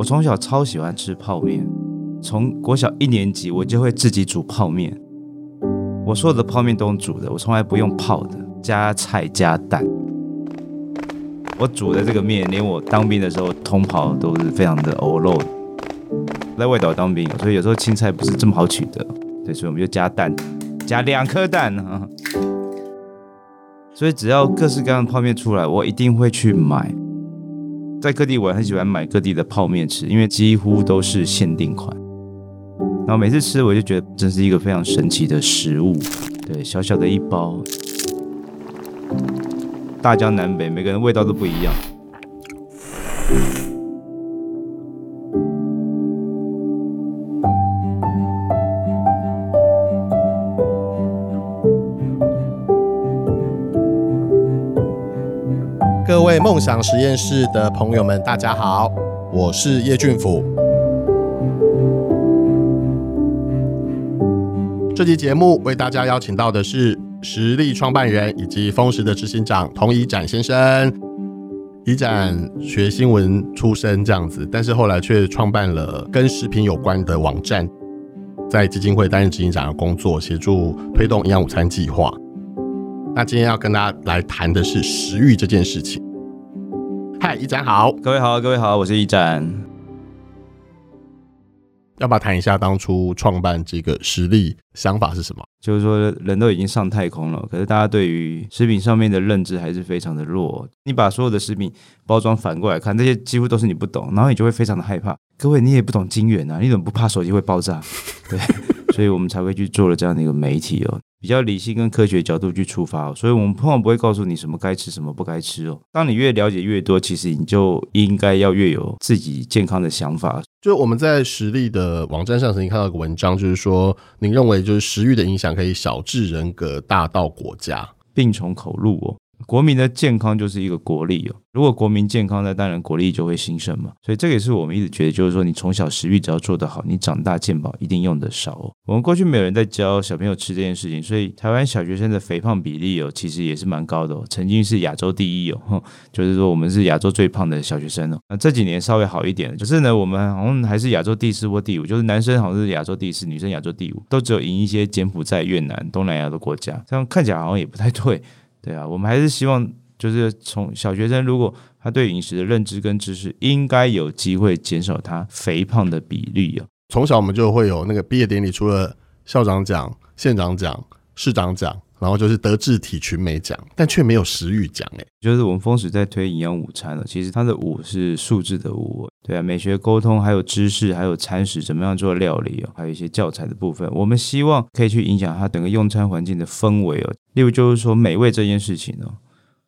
我從小超喜歡吃泡麵，從國小一年級我就會自己煮泡麵。我所有的泡麵都用煮的，我從來不用泡的，加菜加蛋。我煮的這個麵，連我當兵的時候，同袍都是非常的歐陸。在外島當兵，所以有時候青菜不是這麼好取得，對，所以我們就加蛋，加兩顆蛋，呵呵。所以只要各式各樣的泡麵出來，我一定會去買。在各地，我很喜歡買各地的泡面吃，因為幾乎都是限定款。然後每次吃，我就覺得真是一個非常神奇的食物。對，小小的一包，大江南北，每個人味道都不一樣。各位夢想實驗室的朋友們，大家好，我是葉俊甫。這集節目為大家邀請到的是實力創辦人以及灃食的執行長童儀展先生。儀展學新聞出身，這樣子，但是後來卻創辦了跟食品有關的網站，在基金會擔任執行長的工作，協助推動營養午餐計劃。那今天要跟大家來談的是食育這件事情。嗨，儀展好，各位好，啊，各位好，啊，我是儀展。要不要談一下當初創辦這個食力想法是什麼？就是說，人都已經上太空了，可是大家對於食品上面的認知還是非常的弱。你把所有的食品包裝反過來看，這些幾乎都是你不懂，然後你就會非常的害怕。各位，你也不懂晶圓啊，你怎麼不怕手機會爆炸？對， 所以我們才會去做了這樣的一個媒體哦。比較理性跟科學的角度去出發，所以我們通常不會告訴你什麼該吃，什麼不該吃哦。當你越了解越多，其實你就應該要越有自己健康的想法。就我們在食力的網站上曾經看到一個文章，就是說，您認為就是食育的影響可以小至人格，大到國家，病從口入哦。國民的健康就是一個國力哦，如果國民健康，那當然國力就會興盛嘛。所以這個也是我們一直覺得，就是說你從小食育只要做得好，你長大健保一定用得少哦。我們過去沒有人在教小朋友吃這件事情，所以台灣小學生的肥胖比例哦，其實也是蠻高的哦，曾經是亞洲第一哦，就是說我們是亞洲最胖的小學生哦。那這幾年稍微好一點，就是呢，我們好像還是亞洲第四或第五，就是男生好像是亞洲第四，女生亞洲第五，都只有贏一些柬埔寨、越南、東南亞的國家，這樣看起來好像也不太對。對啊，我們還是希望，就是從小學生，如果他對飲食的認知跟知識，應該有機會減少他肥胖的比例哦、啊。從小我們就會有那個畢業典禮，除了校長講、縣長講、市長講，然後就是德智體群美講，但卻沒有食育講哎。就是我們灃食在推營養午餐了，其實它的五是數字的五、哦。對啊，美學溝通，還有知識，還有餐食怎麼樣做料理哦，還有一些教材的部分，我們希望可以去影響它整個用餐環境的氛圍哦。例如就是說美味這件事情哦，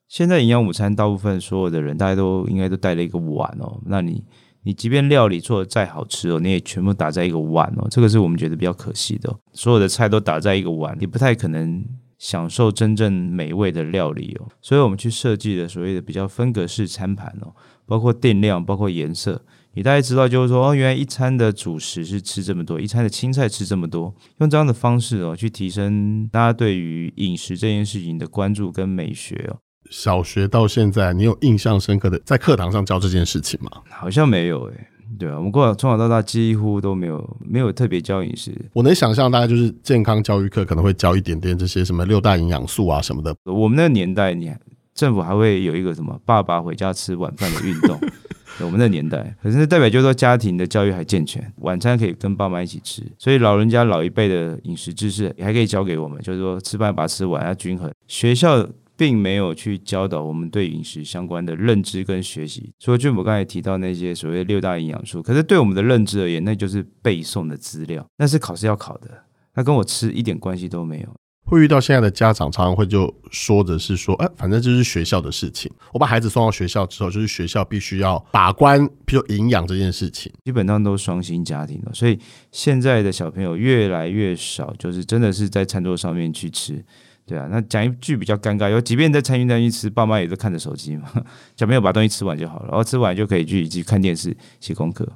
現在營養午餐大部分所有的人大家都應該都帶了一個碗哦，那你你即便料理做的再好吃哦，你也全部打在一個碗哦，這個是我們覺得比較可惜的哦，所有的菜都打在一個碗，你不太可能。享受真正美味的料理哦，所以我們去設計的所謂的比較分格式餐盤哦，包括定量，包括顏色。你大概知道就是說哦，原來一餐的主食是吃這麼多，一餐的青菜吃這麼多，用這樣的方式哦去提升大家對於飲食這件事情的關注跟美學哦。小學到現在，你有印象深刻的在課堂上教這件事情嗎？好像沒有哎、欸。對啊，我們過從小到大幾乎都沒有沒有特別教飲食。我能想象，大概就是健康教育課可能會教一點點這些什麼六大營養素啊什麼的。我們那個年代，你看政府還會有一個什麼“爸爸回家吃晚飯”的運動。 我們那個年代，可是代表就是說家庭的教育還健全，晚餐可以跟爸媽一起吃，所以老人家老一輩的飲食知識也還可以教給我們，就是說吃飯把吃完要均衡。學校。並沒有去教導我們對飲食相關的認知跟學習，所以俊甫剛才提到那些所謂六大營養素，可是對我們的認知而言，那就是背誦的資料，那是考試要考的，那跟我吃一點關係都沒有。會遇到現在的家長常常會就說的是說，誒，反正就是學校的事情，我把孩子送到學校之後，就是學校必須要把關，比如營養這件事情，基本上都雙薪家庭了，所以現在的小朋友越來越少，就是真的是在餐桌上面去吃。對啊，那講一句比較尷尬，因為即便在餐廳吃，爸媽也都看着手機嘛，小朋友把東西吃完就好了，然後吃完就可以去去看電視、寫功課。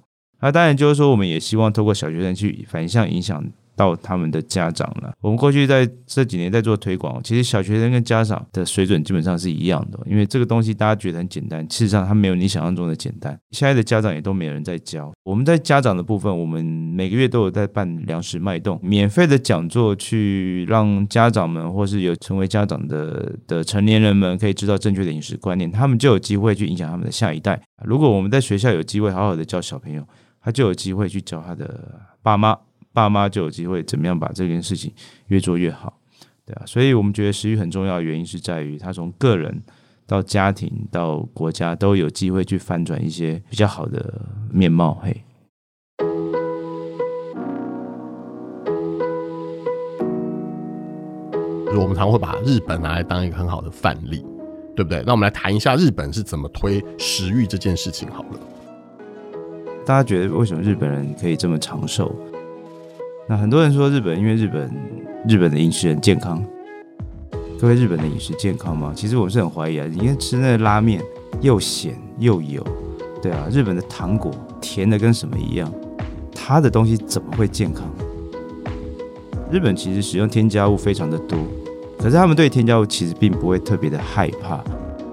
那當然就是說，我們也希望透過小學生去反向影響。到他們的家長了。我們過去在這幾年在做推廣，其實小學生跟家長的水準基本上是一樣的，因為這個東西大家覺得很簡單，事實上它沒有你想象中的簡單。現在的家長也都沒有人在教。我們在家長的部分，我們每個月都有在辦灃食脈動免費的講座，去讓家長們或是有成為家長的的成年人們可以知道正確的飲食觀念，他們就有機會去影響他們的下一代。如果我們在學校有機會好好的教小朋友，他就有機會去教他的爸媽。爸媽就有機會怎麼樣把這件事情越做越好，對啊。所以我們覺得食育很重要的原因是在於，他從個人到家庭到國家都有機會去翻轉一些比較好的面貌。嘿，我們常會把日本拿來當一個很好的範例，對不對？那我們來談一下日本是怎麼推食育這件事情好了。大家覺得為什麼日本人可以這麼長壽？那很多人說日本，因為日本日本的飲食很健康。各位，日本的飲食健康嗎？其實我是很懷疑啊，你看吃那個拉麵又鹹又油，對啊，日本的糖果甜的跟什麼一樣，它的東西怎麼會健康？日本其實使用添加物非常的多，可是他們對添加物其實並不會特別的害怕，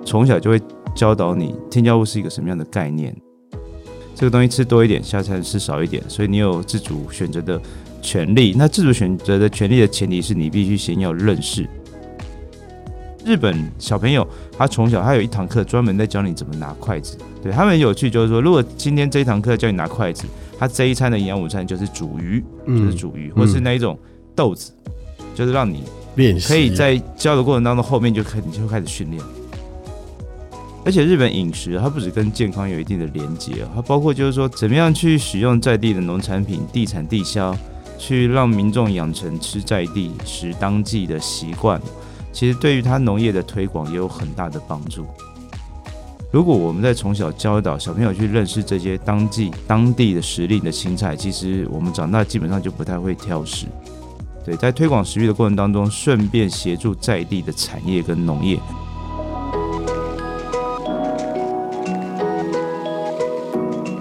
從小就會教導你添加物是一個什麼樣的概念。這個東西吃多一點，下餐吃少一點，所以你有自主選擇的權利。那自主選擇的權利的前提是你必須先要認識日本小朋友，他從小他有一堂課專門在教你怎麼拿筷子。對，他們有趣就是說，如果今天這一堂課教你拿筷子，他這一餐的營養午餐就是煮魚、嗯，就是煮魚，或是那一種豆子、嗯，就是讓你可以在教的過程當中後面就開你就開始訓練。而且日本飲食它不只跟健康有一定的連接，它包括就是說怎麼樣去使用在地的農產品、地產地銷。去讓民眾養成吃在地、食當季的習慣，其實對於他農業的推廣也有很大的幫助。如果我們在從小教導小朋友去認識這些當季、當地的時令的青菜，其實我們長大基本上就不太會挑食。對，在推廣食育的過程當中，順便協助在地的產業跟農業。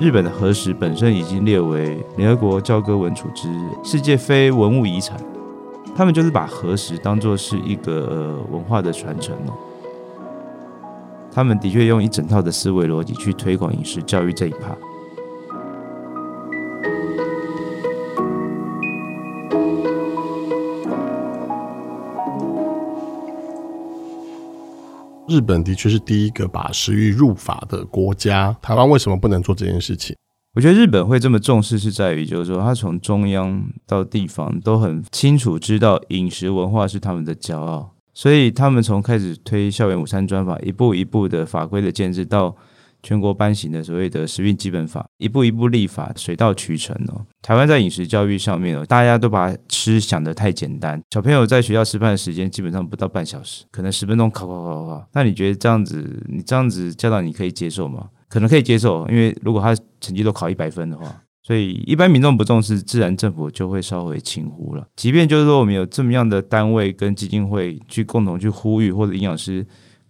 日本的和食本身已經列為聯合國教科文組織世界非文物遺產，他們就是把和食當做是一個，呃，文化的傳承哦，他們的確用一整套的思維邏輯去推廣飲食教育這一趴。日本的確是第一個把食育入法的國家，台灣為什麼不能做這件事情？我覺得日本會這麼重視，是在於就是說，他從中央到地方都很清楚知道飲食文化是他們的驕傲，所以他們從開始推校園午餐專法，一步一步的法規的建制到。全國頒行的所謂的食育基本法，一步一步立法，水到渠成哦。台灣在飲食教育上面，大家都把吃想得太簡單。小朋友在學校吃飯的時間基本上不到半小時，可能十分鐘，咔咔咔咔。那你覺得這樣子，你這樣子教導你可以接受嗎？可能可以接受，因為如果他成績都考一百分的話，所以一般民眾不重視，自然政府就會稍微輕忽了。即便就是說我們有這麼樣的單位跟基金會去共同去呼籲，或者營養師。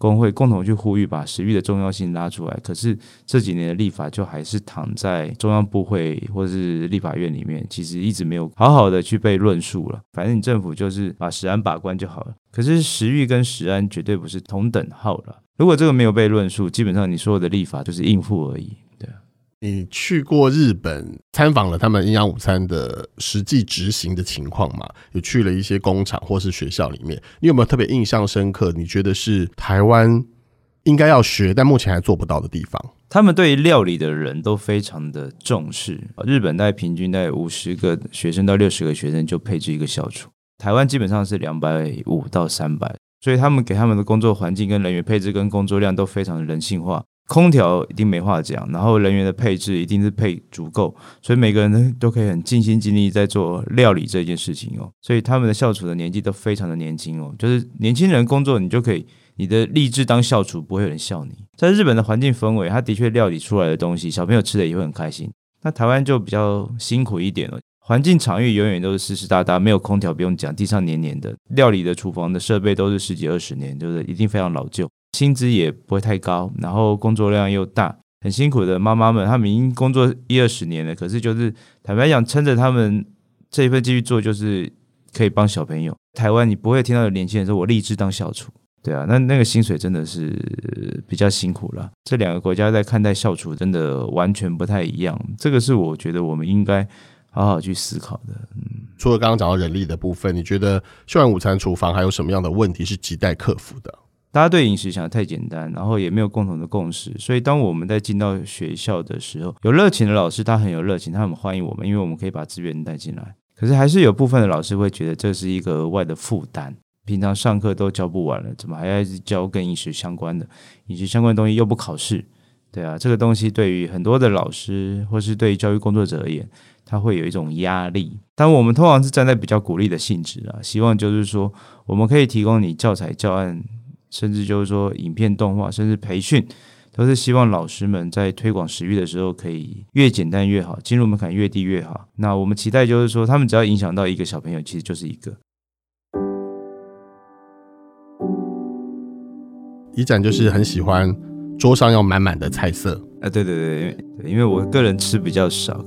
工會共同去呼籲，把食育的重要性拉出來。可是，這幾年的立法，就還是躺在中央部會或是立法院裡面，其實一直沒有好好的去被論述了。反正你政府就是把食安把關就好了。可是食育跟食安絕對不是同等號了。如果這個沒有被論述，基本上你所有的立法就是應付而已。你去過日本參訪了他們營養午餐的實際執行的情況嗎？有去了一些工廠或是學校裡面，你有沒有特別印象深刻？你覺得是台灣應該要學，但目前還做不到的地方？他們對於料理的人都非常的重視。日本大概平均在五十個學生到六十個學生就配置一個校廚，台灣基本上是兩百五到三百，所以他們給他們的工作環境跟人員配置跟工作量都非常的人性化。空調一定沒話講，然後人員的配置一定是配足夠，所以每個人都可以很盡心盡力在做料理這件事情哦。所以他們的校廚的年紀都非常的年輕哦，就是年輕人工作你就可以，你的立志當校廚不會有人笑你。在日本的環境氛圍，他的確料理出來的東西，小朋友吃的也會很開心。那台灣就比較辛苦一點了哦，環境場域永遠都是濕濕噠噠，沒有空調不用講，地上黏黏的，料理的廚房的設備都是十幾二十年，就是一定非常老舊。薪資也不會太高，然後工作量又大，很辛苦的媽媽們，他們已經工作一二十年了，可是就是坦白講，撐着他們這一份繼續做，就是可以幫小朋友。台灣你不會聽到有年輕人說“我立志當校廚”，對啊，那那個薪水真的是比較辛苦了。這兩個國家在看待校廚真的完全不太一樣，這個是我覺得我們應該好好去思考的。嗯，除了剛剛講到人力的部分，你覺得校園午餐廚房還有什麼樣的問題是亟待克服的？大家對飲食想得太簡單，然後也沒有共同的共識，所以當我們在進到學校的時候，有熱情的老師他很有熱情，他很歡迎我們，因為我們可以把資源帶進來。可是還是有部分的老師會覺得這是一個額外的負擔，平常上課都教不完了，怎麼還要一直教跟飲食相關的？飲食相關的東西又不考試，對啊，這個東西對於很多的老師或是對於教育工作者而言，他會有一種壓力。但我們通常是站在比較鼓勵的性質啊，希望就是說我們可以提供你教材教案。甚至就是說，影片動畫，甚至培訓，都是希望老師們在推廣食育的時候，可以越簡單越好，進入門檻越低越好。那我們期待就是說，他們只要影響到一個小朋友，其實就是一個。儀展就是很喜歡桌上要滿滿的菜色啊，對對對，因為因為我個人吃比較少。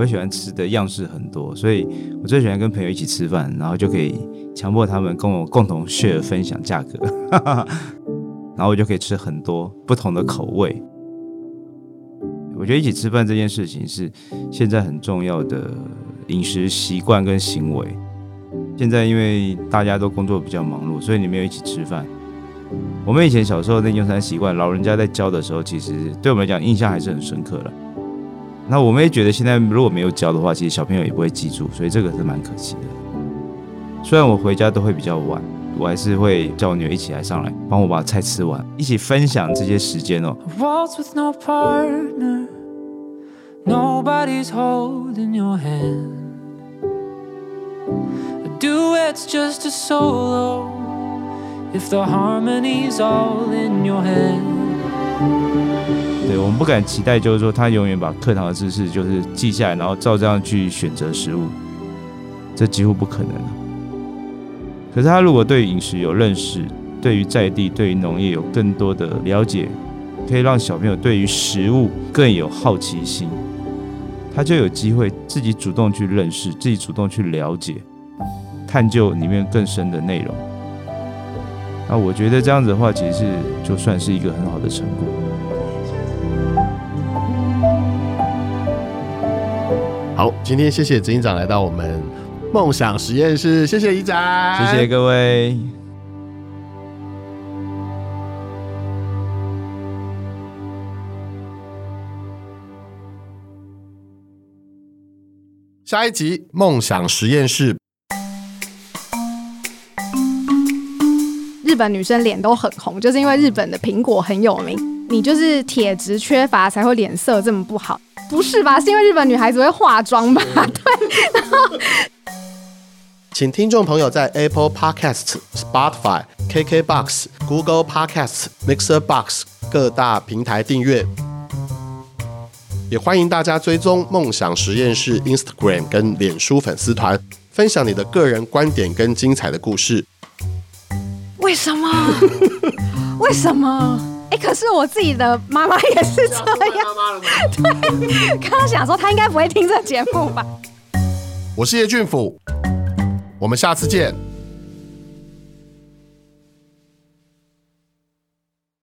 我喜歡吃的樣式很多，所以我最喜歡跟朋友一起吃飯，然後就可以強迫他們跟我共同 share 分享價格， 然後我就可以吃很多不同的口味。我覺得一起吃飯這件事情是現在很重要的飲食習慣跟行為。現在因為大家都工作比較忙碌，所以你沒有一起吃飯。我們以前小時候那用餐習慣，老人家在教的時候，其實對我們來講印象還是很深刻的。那我們也覺得，現在如果沒有教的話，其實小朋友也不會記住，所以這個是蠻可惜的。雖然我回家都會比較晚，我還是會叫我女兒一起來上來，幫我把菜吃完，一起分享這些時間哦。我們不敢期待，就是說他永遠把課堂的知識就是記下來，然後照這樣去選擇食物，這幾乎不可能。可是他如果對飲食有認識，對於在地、對於農業有更多的了解，可以讓小朋友對於食物更有好奇心，他就有機會自己主動去認識，自己主動去了解、探究裡面更深的內容。那我覺得這樣子的話，其實是就算是一個很好的成果。好，今天謝謝執行長來到我們夢想實驗室，謝謝儀展，謝謝各位。下一集夢想實驗室，日本女生臉都很紅，就是因為日本的蘋果很有名。你就是鐵質缺乏，才會臉色這麼不好，不是吧？是因為日本女孩子會化妝吧？對、嗯。 然後請聽眾朋友在 Apple Podcasts、Spotify、KKBox、Google Podcasts、Mixer Box 各大平台訂閱，也歡迎大家追蹤夢想實驗室 Instagram 跟臉書粉絲團，分享你的個人觀點跟精彩的故事。為什麼？ 為什麼？欸，可是我自己的媽媽也是這樣。媽媽，對，剛剛想說，她應該不會聽這節目吧？我是葉俊甫，我們下次見。